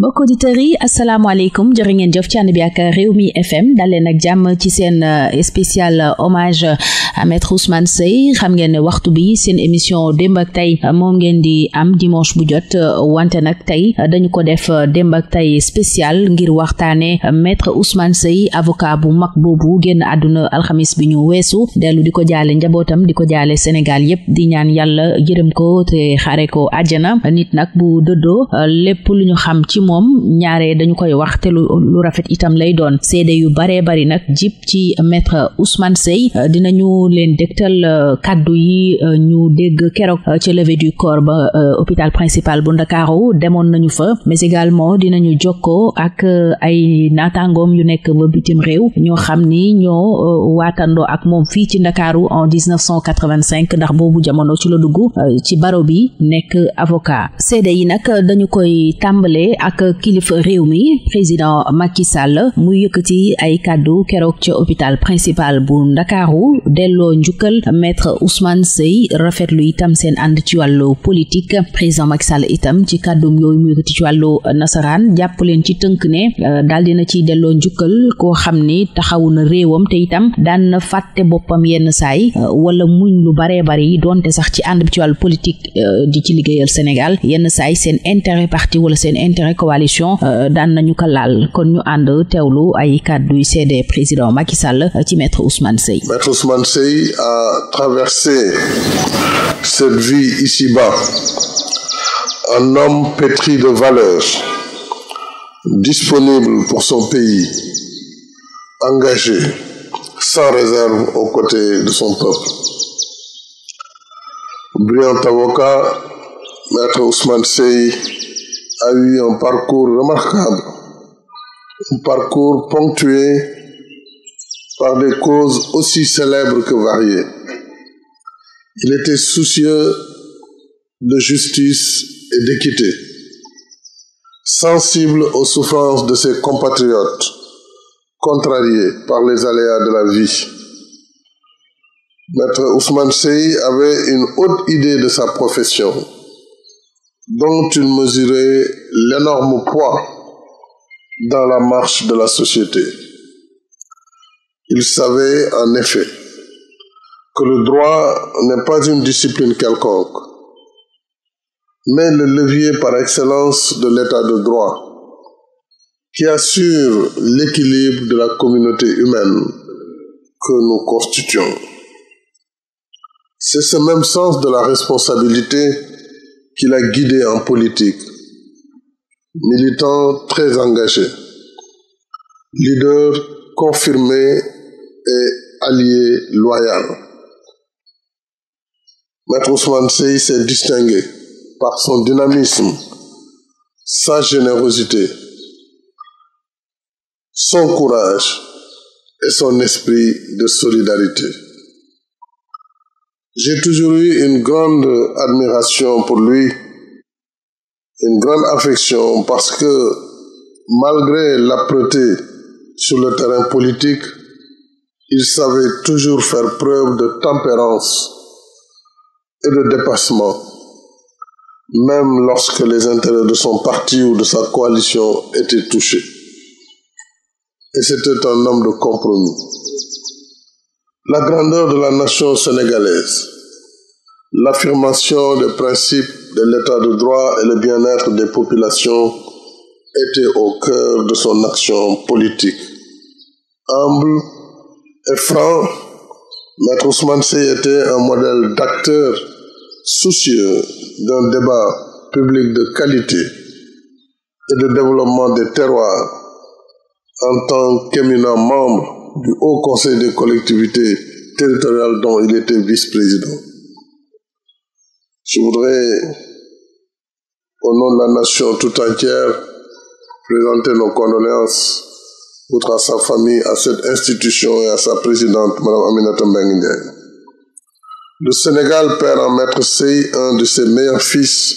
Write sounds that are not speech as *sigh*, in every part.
mbokk auditeurs yi asalaamaaleykum jërë ngeen jëf ci ànd bi ak réew mi FM dal leen ak jàmm ci seen euh, spécial euh, hommage à maître Ousmane Seye xam ngeen ne waxtu bi seen émission démb ak tey moom ngeen di am dimanche bu jot euh, wante nag tey dañu ko def démb ak tey spécial ngir waxtaane maître Ousmane sëy avocat bu mag boobu génn àdduna alxamis bi ñu weesu dellu di ko jaale njabootam di ko jaale Sénégal yépp di ñaan yàlla jërëm ko te xare ko àjjana nit nag bu dëddoo lépp lu moom ñaare dañu koy wax te lu lu rafet itam lay doon seede yu baree bari nag jib ci maître Ousmane Seye euh, dinañu leen dégtal euh, kaddu yi euh, ñu dégg keroog ci levée du corps ba hôpital principal bu Ndakaaru demoon nañu fa mais également ñu jokkoo ak ay naataangoom yu nekk ba bitim réew ñoo xam ni ñoo waatandoo ak moom fii ci Ndakaaru en 1985 ndax boobu jamono ci la dugg ci baro bi nekk avocat seede yi nag dañu koy tàmbalee ak ak kilifa réew mi président Macky Sall mu yëkkati ay kàddu keroog ca hôpital principal bu Ndakaaru delloo njukkal maître Ousmane Seye rafetlu itam seen ànd ci wàllu politique président Macky Sall itam ci kàddu yooyu mu yëkkati ci wàllu nasaraan jàpp leen ci tënk ne euh, daal dina ci delloo njukkal koo xam ni taxawu na réewam te itam daan na fàtte boppam yenn saay euh, wala muñ lu baree bari donte sax ci ànd bi ci wàllu politique euh, di ci liggéeyal Sénégal yenn saay seen intérêt coalition euh, daan nañu ko laal kon ñu ànd teewlu ay kàdduy seede président Macky Sall euh, ci maître Ousmane a traversé cette vie ici-bas un homme pétri de valeurs disponible pour son pays engagé sans réserve aux côtés de son peuple brillant avocat maître Ousmane Seye a eu un um parcours remarquable, un um parcours ponctué par des causes aussi célèbres que variées. Il était soucieux de justice et d'équité, sensible aux souffrances de ses compatriotes, contrariés par les aléas de la vie. Maître Ousmane Sey avait une haute idée de sa profession dont il mesurait l'énorme poids dans la marche de la société. Il savait en effet que le droit n'est pas une discipline quelconque, mais le levier par excellence de l'état de droit qui assure l'équilibre de la communauté humaine que nous constituons. C'est ce même sens de la responsabilité qu'il a guidé en politique, militant très engagé, leader confirmé et allié loyal. Maître Ousmane Sey s'est distingué par son dynamisme, sa générosité, son courage et son esprit de solidarité. J'ai toujours eu une grande admiration pour lui, une grande affection, parce que malgré l'âpreté sur le terrain politique, il savait toujours faire preuve de tempérance et de dépassement, même lorsque les intérêts de son parti ou de sa coalition étaient touchés. Et c'était un homme de compromis. La grandeur de la nation sénégalaise, l'affirmation des principes de l'état de droit et le bien-être des populations étaient au cœur de son action politique. Humble et franc, Maître Ousmane Seye était un modèle d'acteur soucieux d'un débat public de qualité et de développement des terroirs en tant qu'éminent membre du Haut Conseil des collectivité territoriales dont il était vice-président. Je voudrais, au nom de la nation tout entière, présenter nos condoléances outre à sa famille, à cette institution et à sa présidente, Mme Aminata Mbengue Ndiaye. Le Sénégal perd en maître Sey, un de ses meilleurs fils,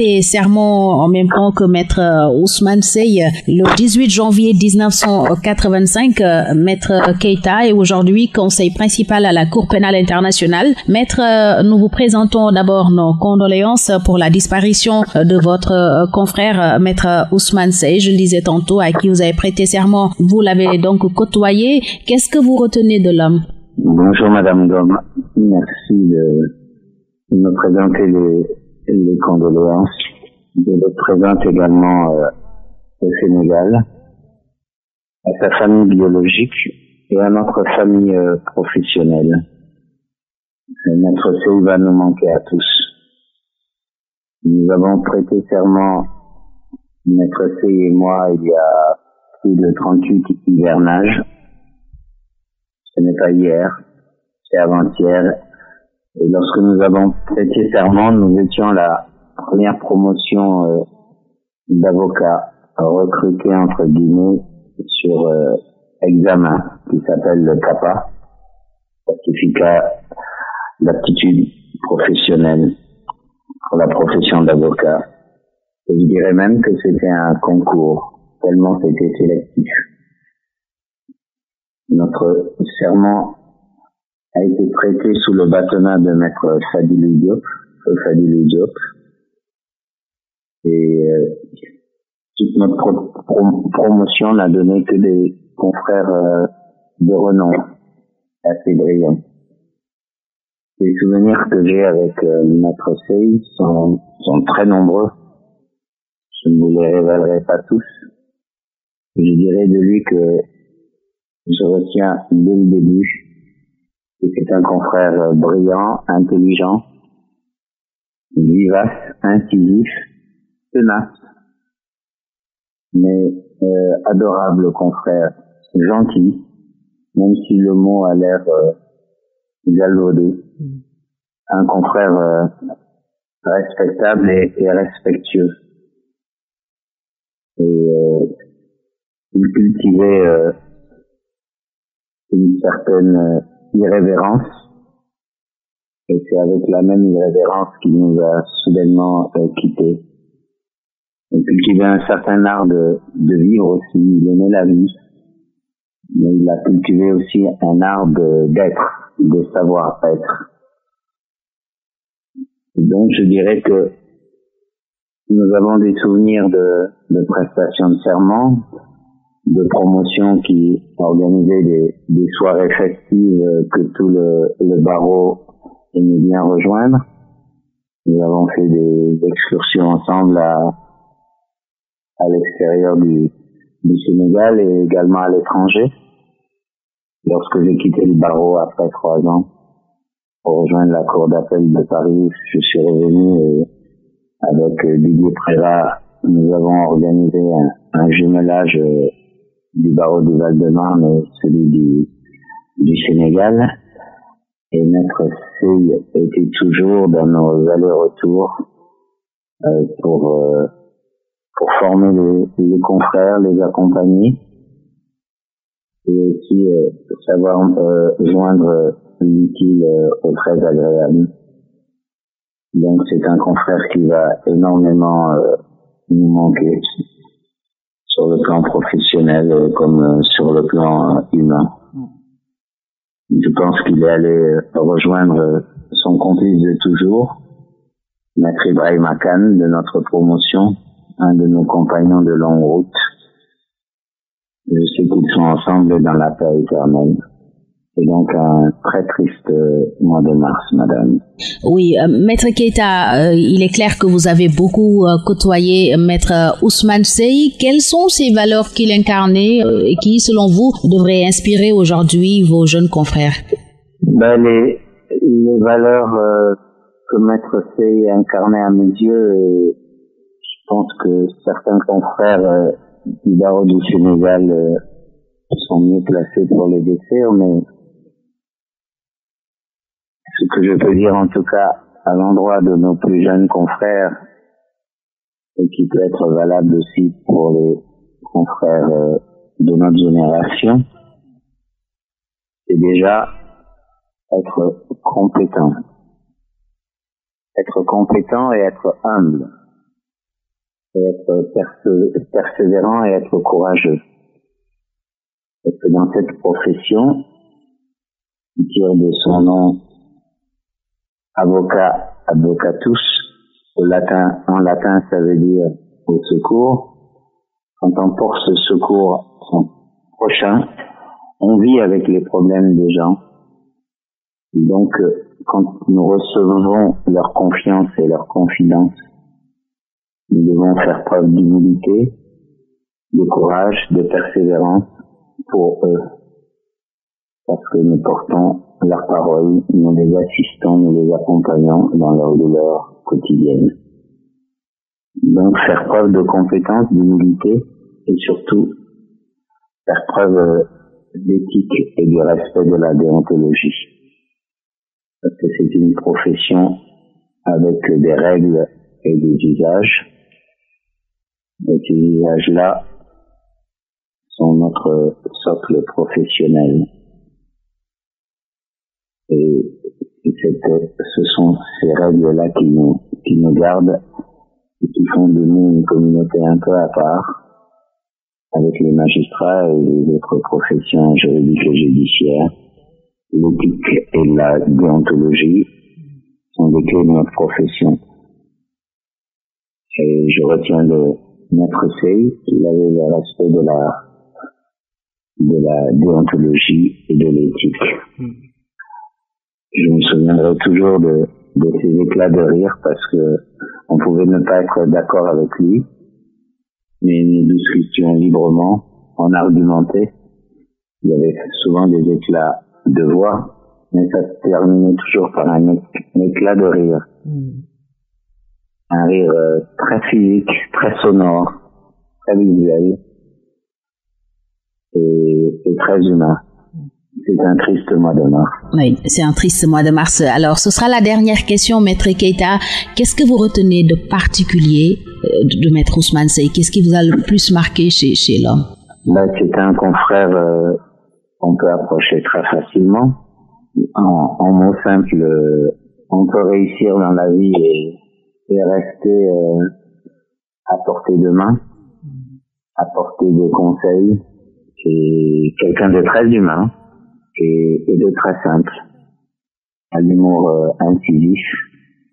prêté serment en même temps que maître euh, Ousmane Sey le 18 janvier 1985, euh, maître Keita est aujourd'hui conseil principal à la Cour pénale internationale. Maître, euh, nous vous présentons d'abord nos condoléances pour la disparition de votre confrère, maître Ousmane Sey, je le disais tantôt, à qui vous avez que vous de l'homme les condoléances. Je le également euh, au Sénégal, à sa famille biologique et à notre famille euh, professionnelle. notre CEU va nous manquer à tous. Nous avons prêté serment, notre CEU et moi, il y a plus de 38 hivernages. Ce n'est pas hier, c'est avant-hier Et lorsque nous avons prêté serment, nous étions la première promotion euh, d'avocats entre guillemets sur euh, examen qui s'appelle le CAPA, certificat d'aptitude professionnelle pour la profession d'avocat. Et je dirais même que c'était un concours, tellement c'était sélectif. Notre serment a été prêté sous le bâtonnat de maître Fadilou euh, Et euh, toute notre promotion n'a donné que des confrères euh, de renom, assez brillants. Les souvenirs que j'ai avec maître Sey sont, très nombreux. Je ne vous les pas tous. Je dirais de lui que je retiens dès le début C'est un confrère euh, brillant, intelligent, vivace, incisif, tenace, mais euh, adorable confrère, gentil, même si le mot a l'air euh, galvaudé. Mm. Un confrère euh, respectable et, respectueux. Et il cultivait une certaine irrévérence. Et c'est avec la même irrévérence qu'il nous a soudainement euh, quittés. Et puis qu'il un certain art de, vivre aussi, il la vie, mais il a cultivé aussi un art d'être, de, savoir être. Donc je dirais que nous avons des souvenirs de, de de serment, de promotion qui organisait des, des soirées festives euh, que tout le, le barreau aimait bien rejoindre. Nous avons fait des excursions ensemble à, à l'extérieur du, du Sénégal et également à l'étranger. Lorsque j'ai quitté le barreau après trois ans pour rejoindre la cour d'appel de Paris, je suis revenu et avec euh, Didier Préra, nous avons organisé un, un jumelage euh, du barreau du Val-de-Marne et celui du, du Sénégal. Et notre fille était toujours dans nos allers-retours euh, pour, euh, pour former les, les, confrères, les accompagner et aussi euh, savoir euh, joindre l'utile euh, au très agréable. Donc c'est un confrère qui va énormément euh, nous manquer. sur le plan professionnel comme euh, sur le plan euh, humain. Je pense qu'il est allé euh, rejoindre son complice de toujours, Maître Ibrahim Akan de notre promotion, un de nos compagnons de longue route. Je sais qu'ils sont ensemble dans la paix éternelle. C'est donc un très triste euh, mois de mars, madame. Oui, euh, Maître Keita, euh, il est clair que vous avez beaucoup euh, côtoyé Maître euh, Ousmane Sey. Quelles sont ces valeurs qu'il incarnait euh, et qui, selon vous, devraient inspirer aujourd'hui vos jeunes confrères ben, les, les, valeurs que Maître Sey incarnait à mes yeux, je pense que certains confrères du barreau du Sénégal sont mieux placés pour les décrire, mais ce que je peux dire en tout cas à l'endroit de nos plus jeunes confrères, et qui peut être valable aussi pour les confrères euh, de notre génération, c'est déjà être compétent. Être compétent et être humble. être persévérant et être courageux. Parce que dans cette profession, qui tire de son nom Avocat, advocatus, au latin, en latin, ça veut dire au secours. Quand on porte ce secours prochain, on vit avec les problèmes des gens. Euh, quand nous recevons leur confiance et leur confidence, nous devons faire preuve d'humilité, de courage, de persévérance pour eux, parce que nous portons leurs paroles, nous les assistons, nous les accompagnons dans leur douleur quotidienne. Donc faire preuve de compétence, d'humilité et surtout faire preuve euh, d'éthique et du respect de la déontologie. Parce que c'est une profession avec des règles et des usages. Et ces usages-là sont notre socle professionnel. Et ce sont ces règles-là qui nous, gardent et qui font de une communauté un peu à part avec les magistrats et les autres professions juridiques et judiciaires. L'éthique et la déontologie sont des clés de notre profession. Et je retiens le maître C, qui avait le respect de la déontologie et de l'éthique. Hmm. je me souviendrai toujours de, de éclats de rire parce que on pouvait ne pas être d'accord avec lui, mais nous discutions librement, on argumentait. Il y avait souvent des éclats de voix, mais ça terminait toujours par un, éclat de rire. Mm. Un rire euh, très physique, très sonore, très visuel et très humain. C'est un triste mois de mars. c'est un triste mois de mars. ce sera la dernière question, Maître Keita. Qu'est-ce que vous retenez de particulier euh, de Maître Ousmane Sey Qu'est-ce qui vous a le plus marqué chez, l'homme C'est un confrère euh, qu'on peut approcher très facilement. En, en mots euh, on peut réussir dans la vie et, rester à portée de à portée de conseils. quelqu'un de très humain et, et de très simple, à l'humour euh, incisif,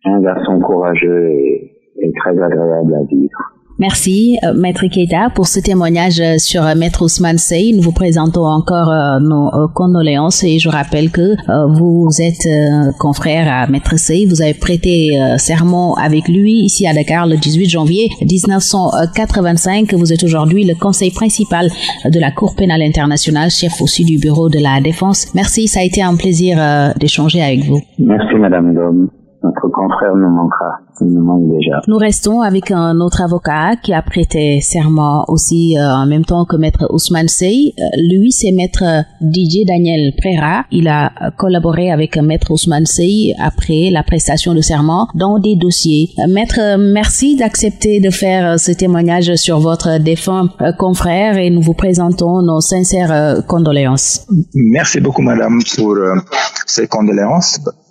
un garçon courageux et, et très agréable à vivre. Merci, euh, Maître Keita, pour ce témoignage euh, sur euh, Maître Ousmane Sey. Nous vous présentons encore nos condoléances et je rappelle que vous êtes confrère à Maître Sey. Vous avez prêté serment avec lui ici à le 18 janvier 1985. Vous êtes aujourd'hui le conseil principal de la internationale, chef aussi du bureau de la défense. Merci, ça a été un Notre confrère nous manquera, il nous restons avec un autre avocat qui a prêté serment aussi euh, en même temps que maître Ousmane Sey. Euh, lui, c'est maître DJ Daniel Prera. Il a euh, collaboré avec maître Ousmane Sey après la prestation de serment dans des dossiers. Euh, maître, merci d'accepter de faire euh, ce témoignage sur votre défunt confrère et nous vous présentons nos sincères condoléances. Merci beaucoup, madame, pour ces condoléances.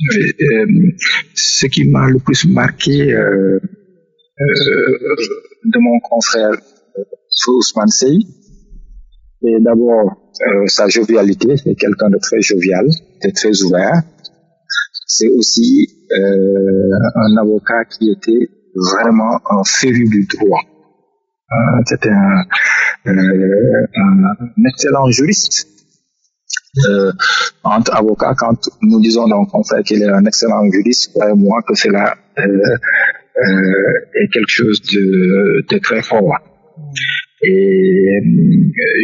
Euh, ce qui m'a le plus marqué euh, euh de mon confrère euh, Ousmane Sey, et d'abord sa jovialité, c'est quelqu'un de très jovial, de très ouvert. C'est aussi un avocat qui était vraiment un féru du droit. un excellent juriste Euh, entre avocats quand nous disons donc on fait qu'il est un excellent juriste, croyez-moi que cela euh, euh, est quelque chose de, très fort. Et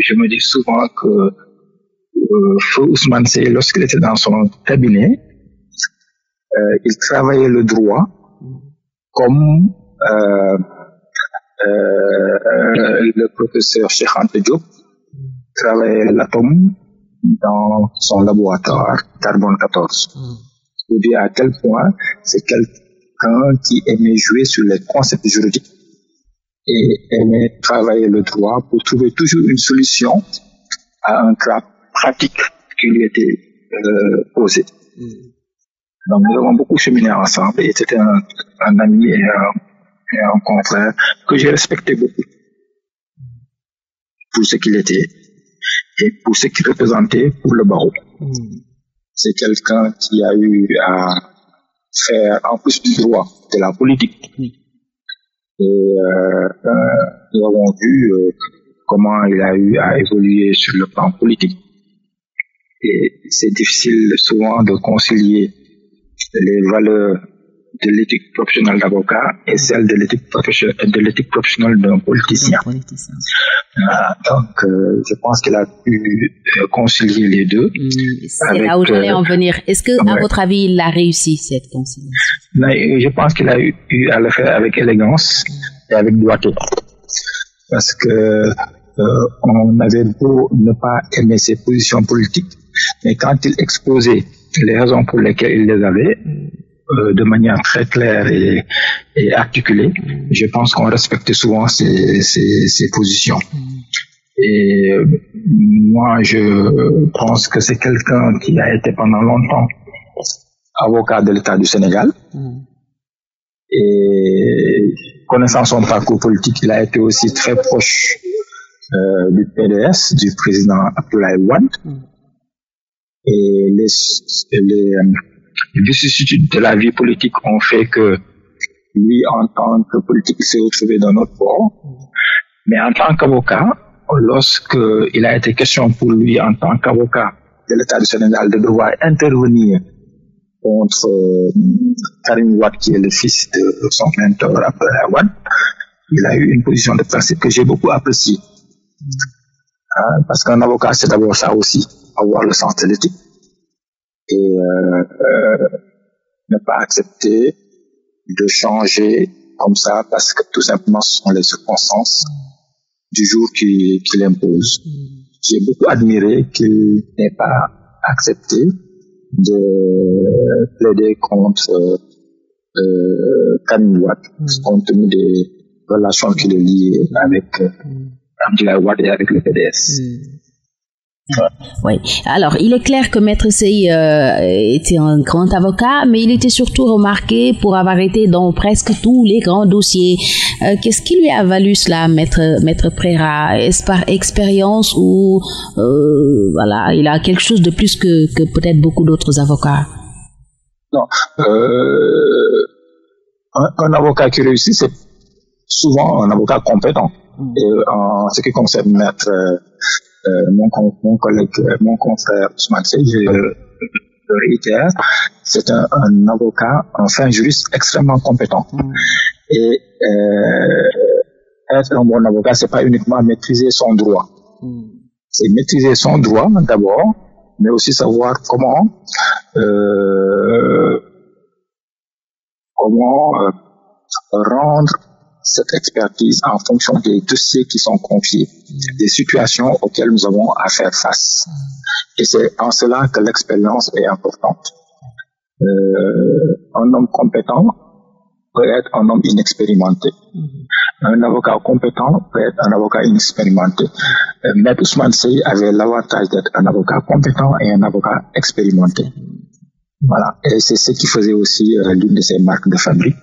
je me dis souvent que Feu Ousmane Sey, lorsqu'il était dans son cabinet, il travaillait le droit comme le professeur Cheikh Anta Diop travaillait l'atome dans son laboratoire, carbone 14. Mmh. Je dis jouer sur les concepts juridiques et aimait travailler le droit pour trouver toujours une solution à un cas pratique qui lui était euh, posé. Hmm. nous avons beaucoup cheminé ensemble et c'était un, ami et un, et que j'ai respecté beaucoup pour ce qu'il était et pour ce qu'il représentait pour le barreau. Hmm. C'est quelqu'un qui a eu à faire, en plus du droit, de la politique. Hmm. Euh, euh, nous avons vu euh, comment il a eu à évoluer sur le plan politique. Et c'est difficile souvent de concilier les valeurs de l'éthique professionnelle d'avocat et celle de l'éthique professionnelle, de l'éthique politicien. Euh, euh, je pense qu'elle a pu euh, concilier les deux. Mmh, Est-ce que, à votre avis, il a réussi cette conciliation Mais Je pense qu'il a eu, à le avec élégance et avec doigté. Parce que euh, on beau ne pas aimer ses positions politiques, mais quand il exposait les raisons pour lesquelles il les avait, euh, de manière très claire et, et articulée. Je pense qu'on respecte souvent ces, positions. Et je pense que c'est quelqu'un qui a été pendant longtemps avocat de l'État du Sénégal. Mm. Et connaissant son parcours politique, il a été très proche euh, du PDS, du président Abdoulaye Wade. Mm. Et les euh, vicissitudes de la vie politique ont fait que lui, en tant que politique, s'est retrouvé dans notre port. Mais en tant qu'avocat, lorsqu'il a été question pour lui, en tant qu'avocat de l'État du Sénégal, devoir intervenir contre euh, Karim Ouad, qui est le fils de son mentor Abdullah Ouad, il a eu une position de principe que j'ai beaucoup appréciée. Ah, parce qu'un avocat, c'est d'abord ça aussi, avoir le sens de et euh, euh, ne pas accepter de changer comme ça parce que tout simplement ce sont les circonstances du jour qui, qui J'ai beaucoup admiré qu'il n'ait pas accepté de plaider contre euh, Kanye mm. compte tenu des relations qu'il lie avec euh, avec le PDS. Mm. Oui. Alors, il est clair que Maître Sey euh, était un grand avocat, mais il était surtout remarqué pour avoir été dans presque tous les grands dossiers. Euh, qu'est-ce qui lui a valu cela, Maître, Maître Est-ce par expérience ou euh, voilà, il a quelque chose de plus que, peut-être beaucoup d'autres avocats euh, Un, avocat qui réussit, c'est souvent un avocat compétent. Mm. en ce qui concerne Maître Euh, mon, mon collègue, euh, mon confrère Ousmane Sey, je le réitère, c'est un, un, avocat, enfin un juriste extrêmement compétent. Mm. Et euh, être un bon avocat, c'est pas uniquement maîtriser son droit. Mm. C'est maîtriser son droit d'abord, mais aussi savoir comment euh, rendre cette expertise en fonction des dossiers qui sont confiés, des situations auxquelles nous avons à faire face. Et c'est en cela que l'expérience est importante. Euh, un homme compétent peut être un homme inexpérimenté. Un avocat compétent peut être un avocat inexpérimenté. Euh, Maître Ousmane Sey avait l'avantage d'être un avocat compétent et un avocat expérimenté. Voilà. Et c'est ce qui faisait aussi euh, l'une de ses marques de fabrique.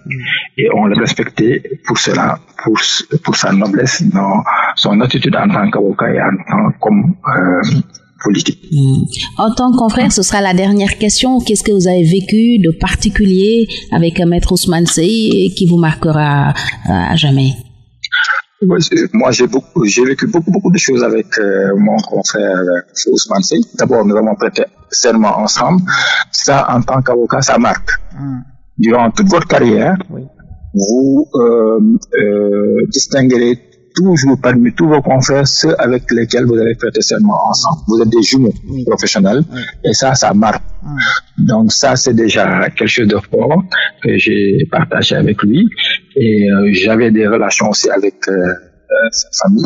Et on le respectait pour cela, pour, pour sa noblesse, dans son attitude en tant qu'avocat et en tant comme euh, politique. Mmh. En tant qu'enfrère, ce sera la dernière question. Qu'est-ce que vous avez vécu de particulier avec euh, Maître Ousmane Sey qui vous marquera euh, à jamais Ouais, moi, j'ai beaucoup, j'ai vécu beaucoup, de choses avec euh, mon confrère euh, Ousmane Sey. D'abord, nous avons prêté serment ensemble. en tant qu'avocat, ça marque. Hmm. Durant toute votre carrière, vous euh, distinguerez toujours parmi tous vos confrères, ceux avec lesquels vous avez prêté seulement ensemble. Vous êtes des jumeaux oui. professionnels oui. et ça, ça marque. Donc ça, c'est déjà quelque chose de fort que j'ai partagé avec lui et euh, j'avais des relations aussi avec euh, euh, sa famille,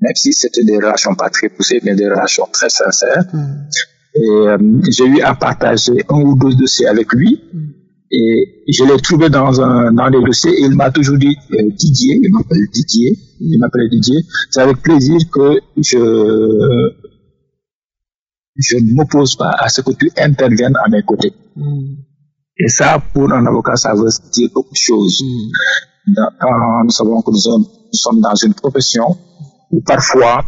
même si c'était des relations pas très poussées, mais des relations très sincères. Mm. Et euh, j'ai eu à un ou deux dossiers avec lui. Mm. Et je l'ai trouvé dans un, dans les dossiers et il m'a toujours dit euh, Didier, il m'appelle Didier, C'est avec plaisir que je ne m'oppose pas à ce que tu interviennes à mes côtés. Mm. Et ça, pour un avocat, ça dire beaucoup de mm. Quand nous savons que nous sommes, dans une profession parfois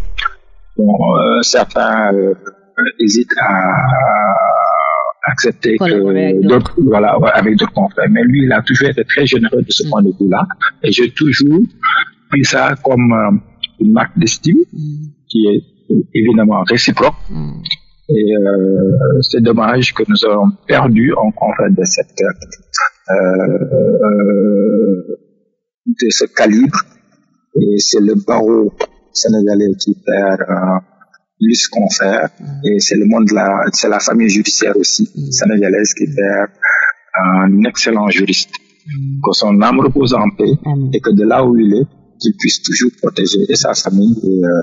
euh, certains euh, hésitent accepter voilà, que d'autres, voilà, Mais lui, il a toujours été très généreux de ce point de vue-là. Et j'ai toujours pris comme euh, une marque d'estime qui est euh, évidemment réciproque. Mm. Et euh, c'est dommage que nous avons perdu en confrère de cette, calibre. Et c'est le barreau sénégalais qui perd plus qu'on mm-hmm. Et c'est la, c'est la famille judiciaire aussi, mm-hmm. sénégalaise, qui fait euh, un excellent juriste. Mm-hmm. Que son âme repose en paix et que de là où il est, qu'il puisse toujours protéger et sa famille euh,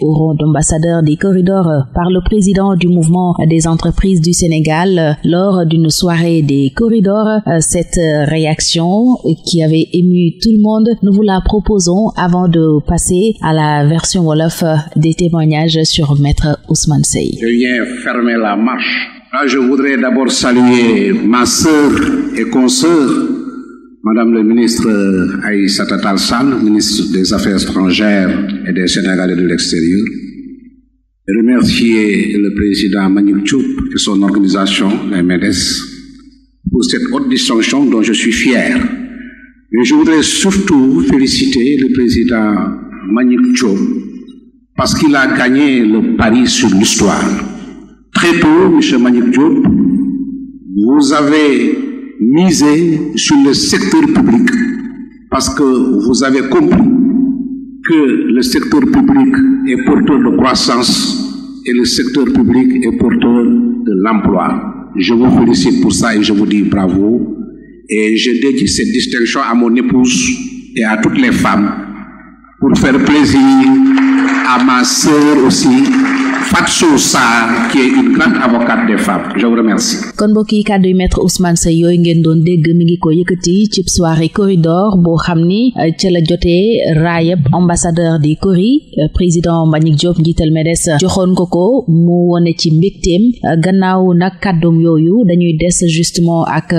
au rang d'ambassadeur des corridors par le président du mouvement des entreprises du Sénégal lors d'une soirée des corridors. Cette réaction qui avait ému tout le monde, nous vous la proposons avant de passer à la version Wolof des témoignages sur Maître Ousmane Sey. Ah, je voudrais d'abord saluer ma sœur et consoeur Madame le ministre euh, Aïssata Tall Sall, ministre des Affaires étrangères et des Sénégalais de l'extérieur, remercier le président Manik Tchoup et son organisation, la MEDES, e e pour cette haute distinction dont je suis fier. Mais je voudrais surtout féliciter le président Manik Tchoup parce qu'il a gagné le pari sur l'histoire. Très tôt, M. Manik Tchoup, vous avez misez sur le secteur public parce que vous avez compris que le secteur public est porteur de croissance et le secteur public est porteur de l'emploi. Je vous félicite pour ça et je vous dis bravo. Et je dédie cette distinction à mon épouse et à toutes les femmes pour faire plaisir à ma sœur aussi. kon mbokk yi kàddu yu maître Ousmane Seye yooyu ngeen doon dégg mi ngi ko yëkkati ci soirée corridor boo xam ni euh, ca la jotee raayab ambassadeur di CORI euh, président Mbagnick Diop njiital MEDES joxoon ko ko mu wone ci mbégteem euh, gannaaw nag kàddum yooyu dañuy des justement ak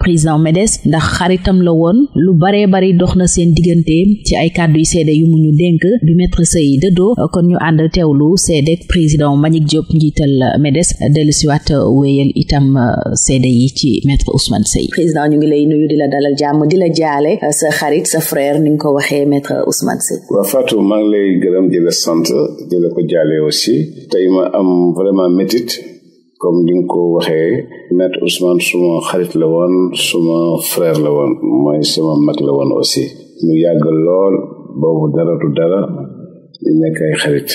président MEDES ndax xaritam la woon lu baree bari dox na seen diggante ci ay kàddu yu seede yu mu ñu dénk bi maître Seye dëddoo kon ñu ànd teewlu seede. président Mbagnick Diop njiital MEDES dellu siwaat wéyal itam euh, seede yi ci maître Ousmane président ñu ngi lay nuyu di la dalal jàmm di la jaale euh, sa xarit sa frère ni nga ko waxee maître Ousmane Seye waaw Fatou maa lay gërëm di la sant di ko jaale aussi tey ma am vraiment métit comme ni nga ko waxee maître Ousmane suma xarit la woon suma frère la woon mooy suma mag la woon aussi ñu yàgg lool boobu dara du dara ñu nekk xarit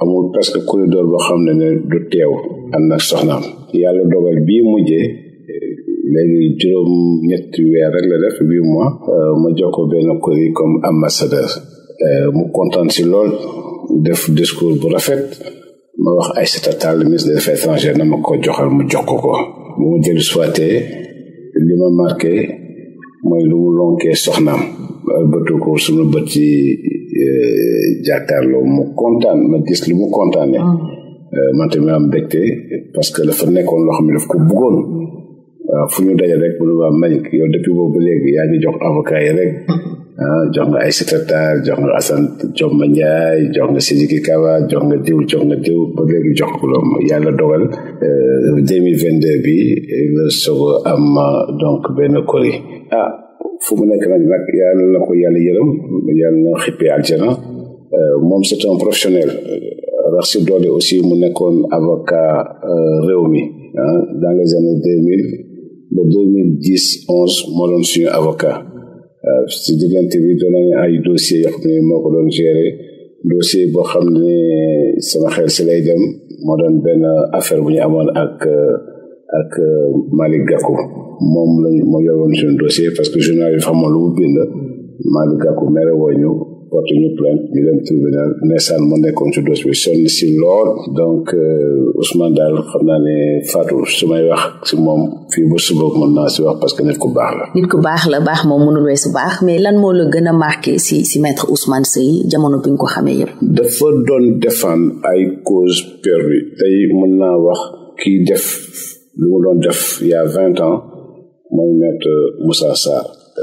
amul presque corridor boo xam ne ne du teew ànd ak soxnaam yàlla dogal bii mujjee eh, léegi juróom ñetti weer rek la def huit mois euh, ma jokkoo benn kuréel comme ambassadeur euh, mu kontaan si lool def discours bu rafet ma wax Aïssata Tall ministre des affaires étrangères na ma ko joxal mu jox ko ko bu mu jël soité li ma marqué mooy lu mu lonkee soxnaam bëtu ko sunu bët yi Euh, jàkkaarloo mu kontaan ma gis lu mu kontaanee. Mm. Euh, man tamit am mbégte parce que dafa nekkoon loo xam ne daf ko bëggoon. waaw euh, fu ñu daje rek bu ñu waa mañ yow depuis boobu ba léegi yaa ngi jox avocat yi rek. Mm. Ah, jox nga ay secrétaire jox nga Assane jox ma Ndiaye jox nga Sidiki Kaba jox nga diw jox nga diw ba léegi jox ko loolu yàlla dogal. deux mille vingt bi la am donc benn kori ah. fu mu nekk nag nag yàlla na ko yàlla yërëm yàlla na xippee aljana euh, moom c'est un professionnel euh, rax si aussi mu nekkoon avocat euh, réew mi dans les années deux moo doon suñu avocat si diggante bi doon nañu ay dossiers yoo xam moo ko doon gérer dossier boo xam ne sama xel si lay dem moo doon benn affaire bu ñu amoon ak ak euh, Malick Gakou moom lañ moo yoroon suñu dossier parce que journal yi xamoon lu mu bind Malick Gakou mere woo ñu porte ñu plainte ñu dem tribunal ndeysaan moo nekkoon ci dossier bi si lool donc euh, Ousmane daal xam naa ne Fatou su may wax si moom fii ba suba mën naa si wax parce que nit ku baax la ku baax la baax moom mënul weesu baax mais lan moo la gën a marqué si si maître Ousmane Seye jamono bi nga ko xamee yëpp dafa doon défendre ay cause perdue tey mën naa wax ki def lu mu doon def il y a vingt ans mooy maître Moussa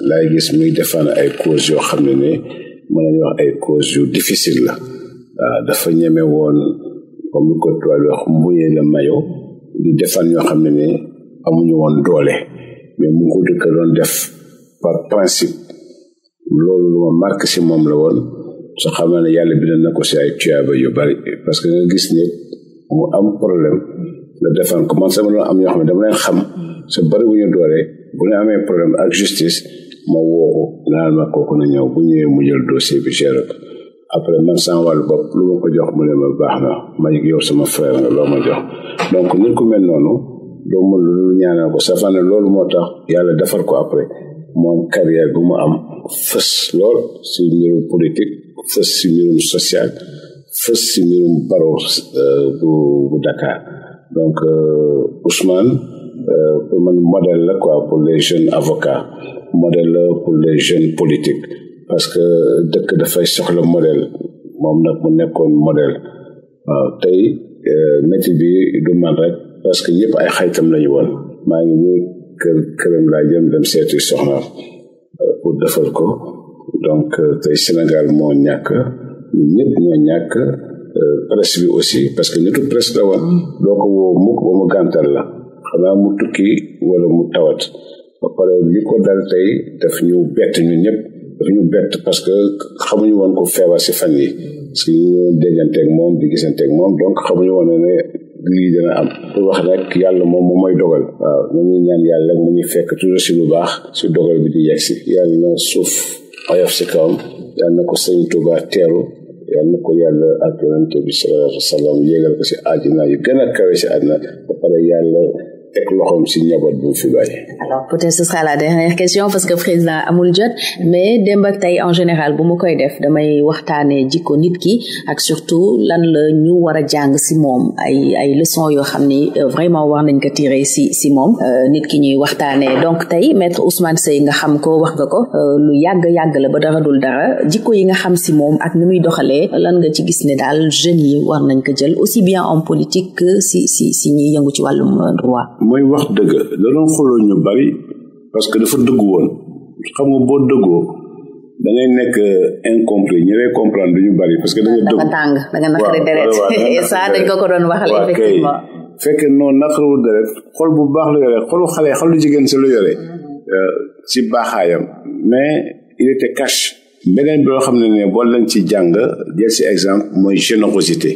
laay gis muy defaan ay cause yoo xam ne ne mën nañu wax ay cause yu difficile la waaw dafa ñeme woon comme lu ko tubaab wax mouiller le maillot di defaan ñoo xam ne ne amuñu woon doole mais mu ko dëkk doon def par principe loolu lu ma marqué si moom la woon soo xam ne yàlla bind na ko si ay tuyaaba yu bari parce que nga gis nit mu am problème la défendre comme man sama doon am ñoo xam ne dama leen xam sa bëri bu ñu dooree bu ñu amee problème ak justice ma woo ko na ñëw bu ñëwee mu jël dossier bi après man sama wàllu bopp lu ma ko jox mu ne ma baax na ma yow sama frère nga loo ma jox donc nit ku noonu doo mën lu ñaanal ko safane loolu moo tax yàlla defar ko après moom carrière bu mu am fës lool si mbirum politique fës si mbirum social fës si mbirum baro euh, bu bu Dakar donc euh, Ousmane euh, pour man modèle la quoi pour les jeunes avocats modèle la pour les jeunes politiques parce que dëkk dafay soxla modèle moom nag mu nekkoon modèle waaw tey euh, métti bi du man rek parce que yëpp ay xaytam lañu woon maa ngi nii kër këram laa jëm dem seeti soxna pour defal ko donc tey Sénégal moo ñàkk ñëpp ñoo ñàkk Euh, presse bi aussi parce que nitu presse d'abord doo ko woo mukk ba mu gàntal la xanaa mu tukki walla mu tawat ba pare li ko dal tey daf ñu bett ñu ñëpp daf ñu bett parce que xamuñu woon ko feebar si fan yi parce que ñu dégganteeg moom di gisanteek moom donc xamuñu woon ne lii dina am pour wax rek yàlla moom moom mooy dogal waaw nañuy ñaan yàlla mu ñuy fekk toujours si lu baax si dogal bi di yegg si yàlla na suuf oyof si kawam yàlla na ko sëñ Tuubaa teeru yal na ko yàlla ak yonente bi sallallahu alayhi wa sallam yéegal ko si àddina yu gën a kawe si àddina ba pare yàlla teg loxoom si njaboot bu fi bàyyi. alors peut question parce que président amul jot mais dem ak tey en général bu ma koy def damay waxtaanee jikko nit ki ak surtout lan la ñu war a jàng si moom ay ay leçons yoo xam ni euh, vraiment war nañ ko tirer si si moom euh, nit ki ñuy waxtaanee donc tey maître Ousmane Seye nga xam ko wax nga ko euh, lu yàgg yàgg la ba dara dul dara jikko yi nga xam si moom ak nu muy doxalee lan nga ci gis ne daal jeunes yi war nañ ko jël aussi bien en politique si si si ñuy yëngu ci wàllum droit. mooy wax dëgg da doon xuloo ñu bari parce que dafa dëgg woon xam nga boo dëggoo da nekk euh, incompris ñi lay comprendre du ñu bari parce que da nga dëgg dafa tàng da nga naqari deret et *laughs* ça dañ ko ko doon waxal effectivement fekk noonu naqariwul deret xol bu baax la yore xolu xale xolu jigéen si lu yore ci euh, baaxaayam mais il était cash beneen bi loo xam ne ne boo lañ ci jàng jël si exemple mooy générosité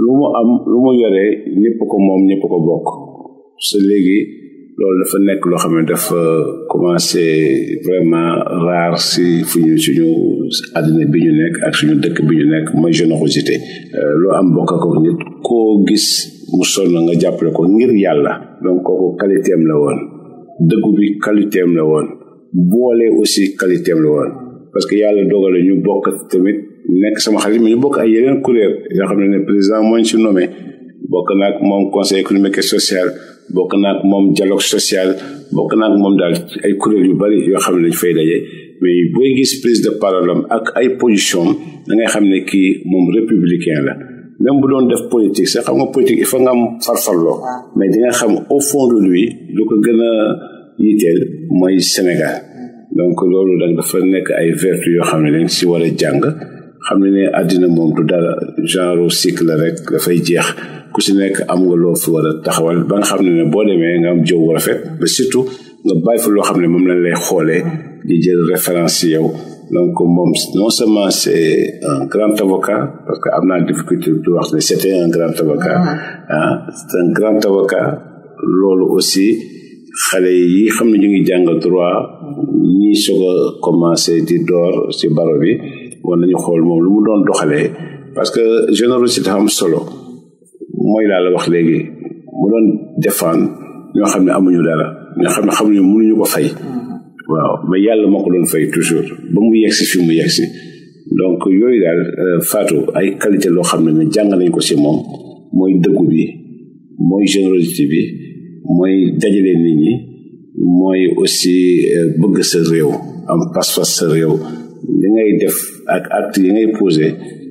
lu mu am lu mu yore ñëpp ko moom ñëpp ko bokk su léegi loolu dafa nekk loo xam ne dafa commencé vraiment rare si fu ñu suñu àddina bi ñu nekk ak suñu dëkk bi ñu nekk mooy générosité euh, loo am bokk ko nit koo gis mu sonn nga jàppale ko ngir yàlla donc kooku qualité am la woon dëggu bi qualité am la woon boole aussi qualité la woon parce que yàlla dogale ñu bokk tamit nekk sama xarit mais ñu bokk ay yeneen kuréel yoo xam ne ne président mooñ si nommé bokk naag moom conseil économique social bokk naa ak moom dialogue sociale bokk naa ak moom daal ay kuréel yu bari yoo xam ne dañ fay daje mais booy gis prise de parole am ak ay position da ngay xam ne kii moom républicain la même bu doon def politique sax xam nga politique il faut nga am farfarloo mais di nga xam au fond de lui lu ko gën a yitteel mooy Sénégal donc loolu nag dafa nekk ay vertu yoo xam ne dañ si war a jàng xam ne ni àddina moom du dara genre cycle rek dafay jeex ku si nekk am nga loo fi war a taxawal ba nga xam ne ne boo demee nga am jëw bu rafet mais surtout nga bàyyi fa loo xam ne moom lañ lay xoolee di jël référence si yow donc moom non seulement c'est un grand avocat que am naa difficulté di wax ne c'était un grand avocat ah, ah c'est loolu aussi xale yi xam ne ñu ngi jàng droit ñi soog a commencé di door ci baro bi war nañu xool moom lu mu doon doxalee parce que générosité am solo mooy laa la wax léegi mu doon défendre ñoo xam ne amuñu dara ñoo xam ne xamuñu mënuñu ko fay waaw mais yàlla moo ko doon fay toujours ba mu yegsi fi mu yegsi donc yooyu daal euh, Fatou ay qualité loo xam ne ni jàng nañ ko si moom mooy dëggu bi mooy générosité bi mooy dajale nit ñi mooy aussi euh, bëgg sa réew am pas-pas sa réew li ngay def ak acte yi ngay posé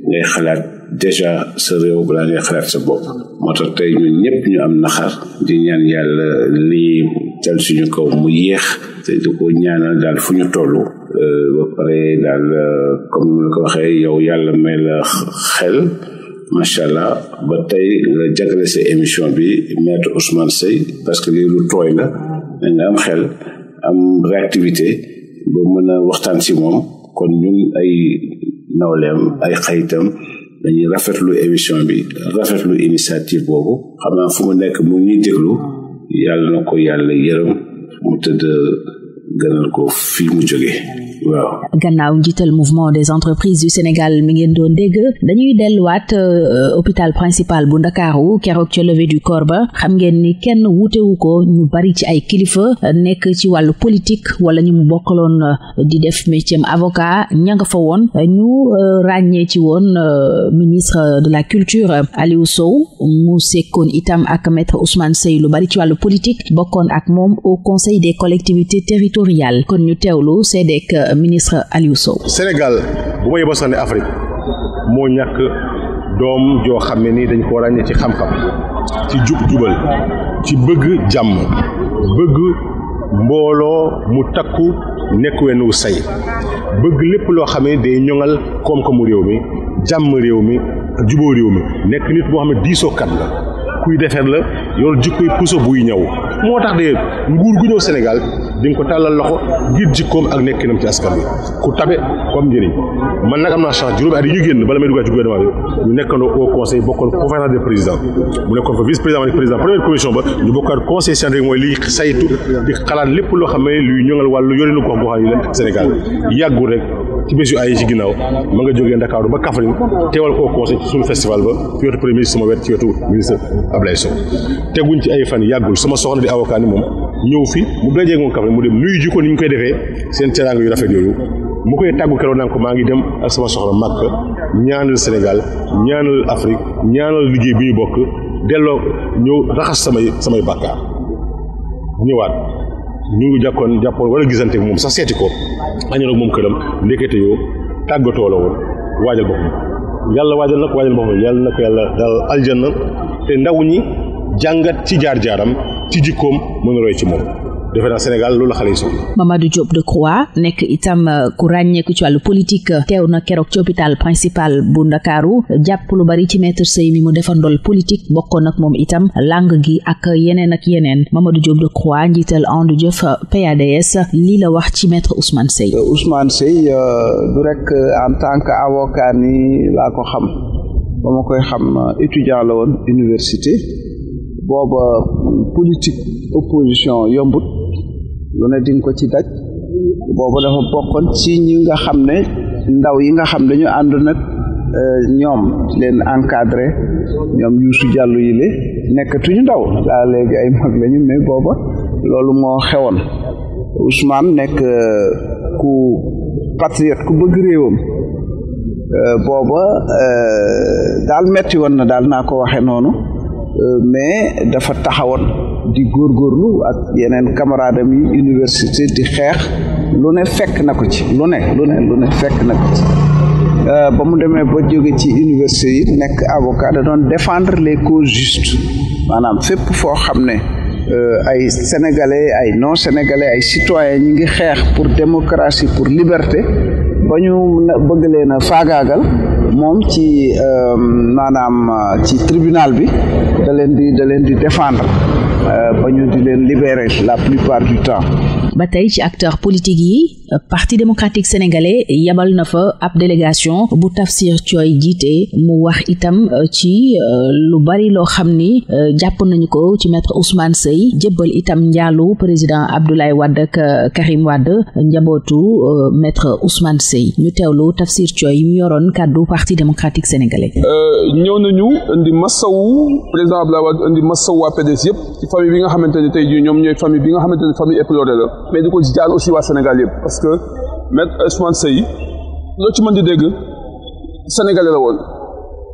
ngay xalaat déjà sa réew balaa ngay xalaat sa bopp moo tax tey ñun ñëpp ñu am naxar di ñaan yàlla lii dal suñu kaw mu yéex te di ko ñaana daal fu ñu tollu euh, ba pare daal comme ni ko waxee yow yàlla may la xel macha allah ba tey nga jagle émission bi maître Ousmane Seye parce que lii lu tooy nga am xel am réactivité ba mën a waxtaan si moom kon ñun ay nawleem ay xayitam dañuy rafetlu émission bi rafetlu initiative boobu xam naa fu mu nekk mu ngi déglu yàlla na ko yàlla yërëm mu tëdd gënal ko fii mu jógee waaw gannaaw njiital mouvement des entreprises du Sénégal mi ngeen doon dégg dañuy delluwaat euh, hôpital principal bu Ndakaaru keroog ca levée du corps ba xam ngeen ni kenn wuutewu ko ñu bari ci ay kilifa nekk ci wàllu politique wala ñu mu bokkaloon euh, di def métier avoca ña nga fa woon ñu euh, ràññee ci woon ministre de la culture Aliou Sow mu sekkoon itam ak maître Ousmane Seye lu bari ci wàllu politique bokkoon ak moom au conseil des collectivités territoriales kon ñu teewlu ministre Aliou Sow. Sénégal bu ma yeboo sax ne Afrique moo ñàkk doom joo xam ne ni dañ ko ràññee ci xam-xam ci jub jubal ci bëgg jàmm bëgg mbooloo mu takku nekk wenn say bëgg lépp loo xam ne day ñoŋal koom-koomu réew mi jàmm réew mi juboo réew mi nekk nit boo xam ne diisoo kat la kuy defar la yor jikkoy puso buy ñëw moo tax de nguur gu ñëw di nga ko tàllal loxo ngir jikkoom ak nekkinam ci askan bi ku tabe comme njëriñ man nag am naa chance juróomi at yi ñu génn bala may duggaat ci gouvernement bi ñu nekkandoo au conseil bokkoon conférence des présidents mu nekkoon fa vice président président première commission ba ñu bokkaat conseil scientifique mooy liy saytu xalaat lépp loo xam ne luy ñoŋal wàllu yorinu gox goxaan yi la Sénégal yàggul rek ci bés yu ay ci ginnaaw ma nga jógee ndakaar ba Kaffrine teewal au conseil ci suñu festival ba ci wetu premier ministre sama wet ci wetu ministre ay fan yàggul sama soxna di avocat ni moom ñëw fi mu dajee moom Kaffrine mu dem nuyu ji ko ni ñu koy defee seen teraanga yu rafet yooyu mu koy tàggu keroog naan ko maa ngi dem ak sama soxla Makka ñaanal Sénégal ñaanal Afrique ñaanal liggéey bi ñu bokk delloo ñëw raxas samay samay bàkkaar ñëwaat ñu ngi jàkkoon jàppoon wala gisante moom sax seeti ko añoon ak moom këram ndekete yoo tàggatoo la woon waajal boppam yàlla waajal na ko waajal boppam yàlla na ko yàlla daal aljanna te ndaw ñi jàngat ci jaar-jaaram ci jikkoom mën ci moom defe naa Sénégal la xale yi soxla. Mamadou Diop Decroix nekk itam euh, ku ràññeeku ci wàllu politique euh, teew na keroog ci hôpital principal bu Ndakaaru jàpp lu bari ci metre Sèye mi mu defandool politique bokkoon ak moom itam langue gi ak yeneen ak yeneen Mamadou Diop Decroix njiital And Jëf euh, PADS lii la wax ci maître Ousmane Sèye. Ousmane Sèye du rek en tant que avocat ni laa ko xam ba ma koy xam étudiant la woon université. booba politique opposition yombut lu ne di ko ci daj booba dafa bokkoon ci ñi nga xam ne ndaw yi nga xam dañu ànd nag euh, ñoom leen encadré ñoom Youssou Diallo yi le nekkatuñu ndaw laa léegi ay mag lañu mais booba loolu moo xewoon usmaan nekk euh, ku patriote ku bëgg réewam euh, booba daal metti woon na daal naa ko waxe noonu Euh, mais dafa taxawoon di góor góorlu ak yeneen camarades am yi université di xeex lu ne fekk na ko ci lu ne lu ne lu ne fekk na ko ci euh, ba mu demee ba jóge ci université yi nekk avocat da doon défendre les causes justes maanaam fépp foo xam ne euh, ay sénégalais ay non sénégalais ay citoyens ñi ngi xeex pour démocratie pour liberté ba ñu bëgg leen a faagaagal moom ci euh, maanaam euh, ci tribunal bi da leen di da leen di défendre euh, ba ñu di leen libérer la plupart du temps ba tey ci acteur politique yi parti démocratique sénégalais yabal na fa ab délégation bu Tafsir Thioye jiite mu wax itam euh, ci euh, lu bari loo xam ni euh, jàpp nañu ko ci maître Ousmane Seye jébbal itam njaalu président Abdoulaye Wade ak Karim Wade njabootu maître Ousmane Seye ñu teewlu Tafsir Thioye mu yoroon kàddu parti démocratique sénégalais. ñëw nañu indi masawu président Abdoulaye Wade indi masawu waa PDS yëpp famille bi nga xamante ne tey ñoom ñooy famille bi nga xamante mais di ko jaal aussi waa Sénégal yëpp parce que maître Ousmane Seye loo ci mën di dégg sénégalais la woon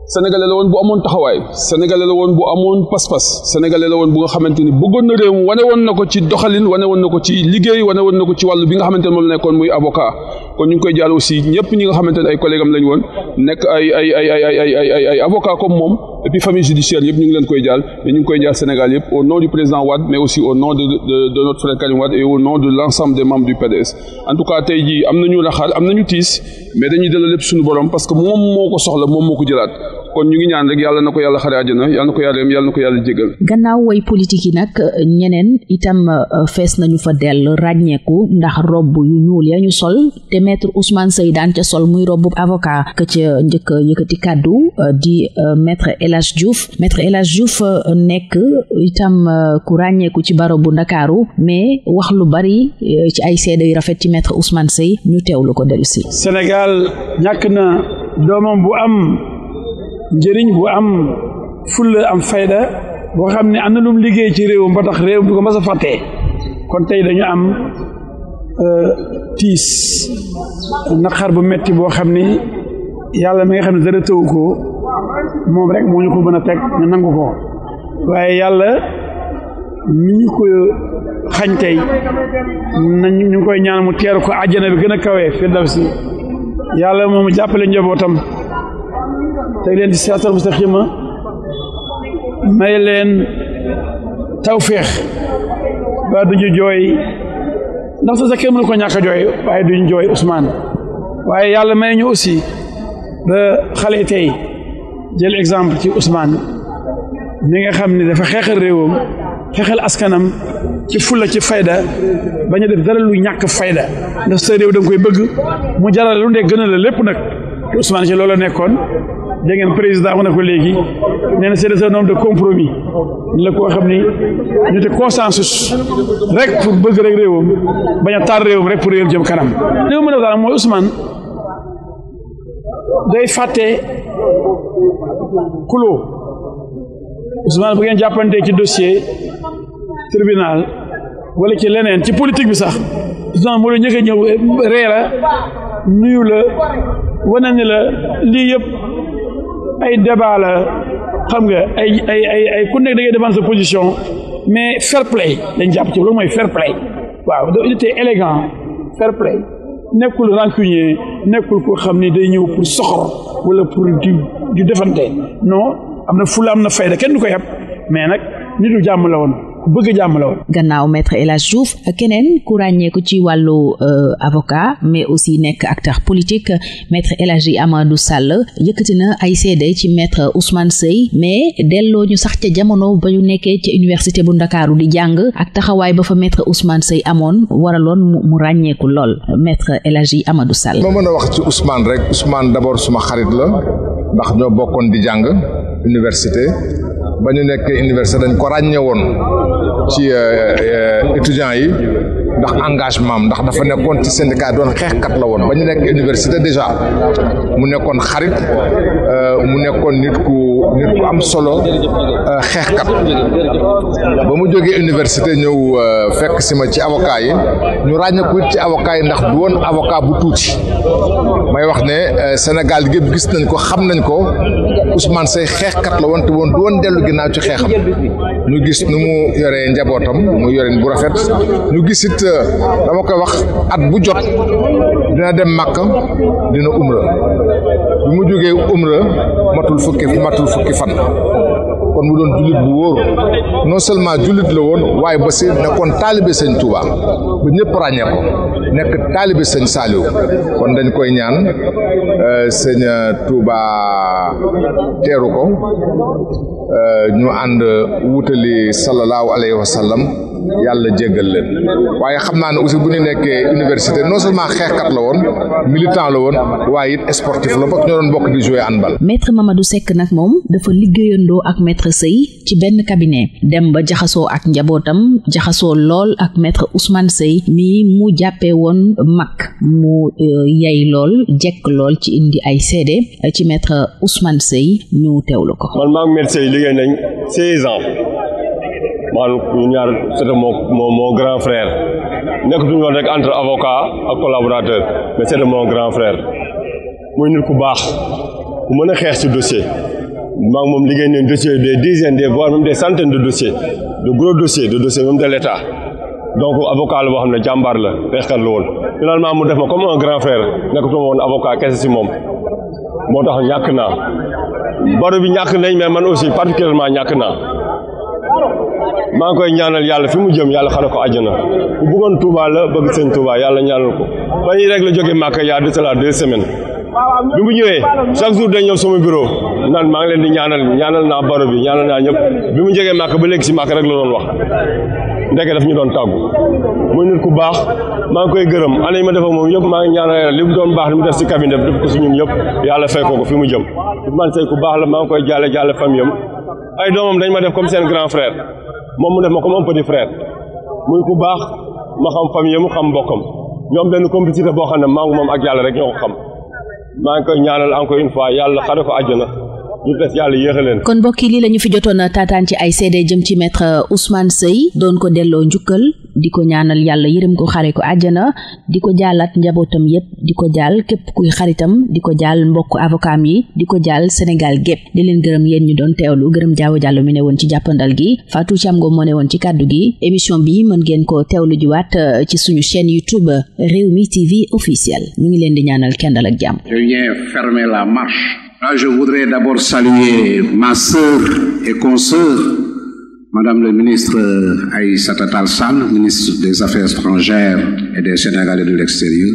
sénégalais la woon bu amoon taxawaay sénégalais la woon bu amoon pas-pas sénégalais la woon bu nga xamante ni bëggoon na réew wane woon na ko ci doxalin wane woon na ko ci liggéey wane woon na ko ci wàllu bi nga xamante ne moom nekkoon muy avocat kon ñu ngi koy jaal aussi ñëpp ñi nga xamante ne ay collègue am lañ woon nekk ay ay ay ay ay ay ay ay avocat comme moom et puis famille judiciaire yëpp ñu ngi leen koy jaal mais ñu ngi koy jaal Sénégal yëpp au nom du président Wade mais aussi au nom de notre frère Karim Wade et au nom de l'ensemble des membres du PDS en tout cas tey jii am nañu raxaar am nañu tiis mais dañuy delloo lépp suñu borom parce que moom moo ko soxla moom moo ko jëlaat kon ñu ngi ñaan rek yàlla na ko yàlla xare àjjana yàlla na ko yàlla jégal gannaaw way politique yi nag ñeneen itam euh, fees nañu fa dell ràññeeku ndax robb yu ñuul ya ñu sol te maître Ousmane Seydane ca sol muy robbu avocat ka ca njëkk yëkkati kàddu euh, di maître El Hadj metre maître El Hadj Diouf euh, nekk itam ku ràññeeku ci baro bu Ndakaaru mais wax lu bari ci ay seede yu rafet ci maître Ousmane Seye ñu teewlu ko dellu si Sénégal ñàkk na doomam bu am njëriñ bu am fulla am fayda boo xam ne am na lu liggéey ci réewam ba tax réew du ko mas a fàttee kon tey dañu am euh, tiis naqar bu metti boo xam ni yàlla mi nga xam ne dara tëw ko moom rek moo ñu ko mën a teg ñu nangu ko waaye yàlla mu ñu ko xañ tey na ñu ngi koy ñaan mu teeru ko àjjana bi gën a kawee firdawsi yàlla moom jàppale njabootam teg leen ci siraatal mustaqima may leen tawféex ba duñu jooy ndax sa sax kenn mënu ko ñàkk a jooy waaye duñu jooy Ousmane waaye yàlla may ñu aussi ba xale tey jël exemple ci Ousmane mi nga xam ni dafa xeexal réewam xeexal askanam ci fulla ci fayda bañ a def dara lu ñàkk fayda ndax sa réew da koy bëgg mu jaral lu ne gën a lépp nag te Ousmane ci loolu nekkoon dégg ngeen président wax ko léegi nee na c'est un homme de compromis la koo xam ni ñu te consensus rek pour bëgg réew réewam bañ a taal réewam rek pour réew jëm kanam li ma mën fàtte kuloo Ousmane bu ngeen jàppantee ci dossier tribunal wala ci leneen ci politique bi sax Ousmane moo la njëkk ñëw reera nuyu la wane ni la lii yëpp ay débat xam nga ay ay ay ay ku nekk da ngay sa position mais fair play lañ jàpp ci loolu mooy fair play waaw il était élégant fair play nekkul rancunier nekkul ko xam ni day ñëw pour soxor wala pour di di defante non am na fulla am na fayda kenn du ko yàpp mais nag nitu jàmm la woon ku bëgg jàmm la woon. gannaaw maître El Hadj Diouf keneen ku ràññeeku ci wàllu euh, avocat mais aussi nekk ak tax politique maître El Hadji Amadou Sall yëkkati na ay seede ci maître Ousmane Seye mais delloo ñu sax ca jamono ba ñu nekkee ci université bu Ndakaaru di jàng ak taxawaay ba fa maître Ousmane Seye amoon waraloon mu ràññeeku lool maître El Hadji Amadou Sall. ma mën a wax ci Ousmane rek Ousmane d'abord suma xarit la ndax ñoo bokkoon di jàng université ba ñu nekkee ci euh, euh, étudiants yi ndax engagement ndax dafa nekkoon ci syndicat doon xeexkat la woon ba ñu nekk université déjà mu nekkoon xarit euh, mu nekkoon nit ku am solo xeexkat ba mu jógee université ñëw fekk si ma ci avocat yi ñu ràññeeku ci avocat yi ndax du woon avocat bu tuuti may wax ne Sénégal gépp gis nañ ko xam nañ ko Ousmane Seye xeexkat la wante woon du woon dellu ginnaaw ci xeexam ñu gis nu mu yore njabootam mu yoreen bu rafet ñu gis it euh, dama koy wax at bu jot dina dem Màkka dina umra bi mu jógee umra matul fukki matul fukki fan kon mu doon jullit bu wóor non seulement jullit la woon waaye ba si nekkoon taalibe sëñ Touba ba ñëpp ràññee ko nekk taalibe sëñ Saliou kon dañ koy ñaan euh, sëñ Touba teeru ko euh, ñu ànd wutali sallallahu alayhi wa yàlla jéggal leen waaye xam naa ne aussi bu ñu nekkee université non seulement xeexkat la woon militant la woon waaye it sportif la bokk ñoo doon bokk di jouer handball. maître Mamadou Seck nag moom dafa liggéeyandoo ak maître Sey ci benn cabinet dem ba jaxasoo ak njabootam jaxasoo lool ak maître Ousmane Sey mi mu jàppee woon mag mu euh, yey lool jekk lool ci indi ay seede ci maître Ousmane Sey ñu teewlu ko. maal ñu ñaar c'est moo moo grand frère nekkatuñu woon rek entre avocat ak collaborateur mais c'est moo grand frère muy nit ku baax ku mën a xeex ci dossier maa moom liggéey nañ dossier des dizaines des voire même des centaines de dossiers de gros dossiers de dossiers même de l'État donc avocat la boo xam ne jàmbaar la xeexkat la woon finalement mu def ma comme un grand frère nekkatuma woon avocat kese ci moom moo tax ñàkk naa baro bi ñàkk nañ mais man aussi particulièrement ñàkk naa maa ngi koy ñaanal yàlla fi mu jëm yàlla xare ko àjjana bu bëggoon Touba la bëgg sëñ Touba yàlla ñaanal ko ba ñuy rek la jóge Màkka yaa de cela deux semaine bi mu ñëwee chaque jour day ñëw sama bureau naan maa ngi leen di ñaanal ñaanal naa baro bi ñaanal naa ñëpp bi mu jógee Màkka ba léegi si Màkka rek la doon wax ndeke daf ñu doon tàggu muy nit ku baax maa ngi koy gërëm a yi ma defa moom yëpp maa ngi ñaanal yàlla li mu doon baax li mu def si cabinet def ko si ñun yëpp yàlla ko ko fi mu jëm man say ku baax la maa koy jaale jaale famille am ay doomam dañ ma def comme seen grand frère moom mu def ma comme un petit frère muy ku baax ma xam famille mu xam mbokkam ñoom benn complicité boo xam ne maa ngi moom ak yàlla rek ñoo ko xam maa ngi koy ñaanal encore une fois yàlla xare ko àjjana kon mbokk yi lii ñu fi jotoon taataan ci ay seede jëm ci metre Ousmane Seye doon ko delloo njukkal di ko ñaanal yàlla yërëm ko xare ko àjjana di ko jaalaat njabootam yépp di ko jaal képp kuy xaritam di ko jaal mbokk avocaam yi di ko jaal Sénégal gépp di leen gërëm yéen ñu doon teewlu gërëm jaawo jàllo mi ne woon ci jàppandal gi fatu Fatou Thiam Ngom moo ne woon ci kàddu gi émission bi mën ngeen ko teewlu jiwaat euh, ci suñu chaîne YouTube Rewmi TV officiel ñu ngi leen di ñaanal kenn jàmm Là, ah, je voudrais d'abord saluer ma sœur et consoeur, Madame le ministre euh, Aïssata Talsan, ministre des Affaires étrangères et des Sénégalais de l'extérieur,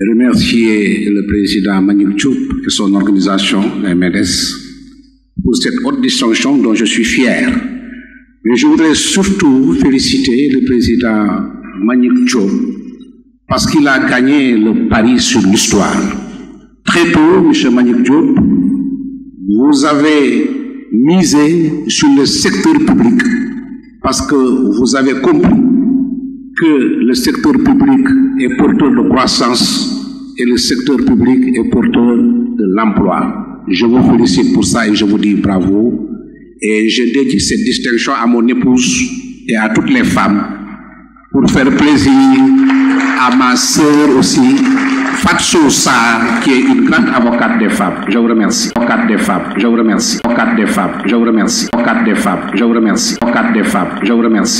et remercier le président Manik Tchoup et son organisation, la MEDES, e e pour cette haute distinction dont je suis fier. Mais je voudrais surtout féliciter le président Manik Tchoup parce qu'il a gagné le pari sur l'histoire. Très tôt, M. Manik Diop, vous avez misé sur le secteur public parce que vous avez compris que le secteur public est porteur de croissance et le secteur public est porteur de l'emploi. Je vous félicite pour ça et je vous dis bravo. Et je dédie cette distinction à mon épouse et à toutes les femmes pour faire plaisir à ma sœur aussi Fatsou Sarr, qui est une grande avocate des femmes. Je vous remercie. Avocate des femmes. Je vous remercie. Avocate des femmes. Je vous remercie. Avocate des femmes. Je vous remercie. Avocate des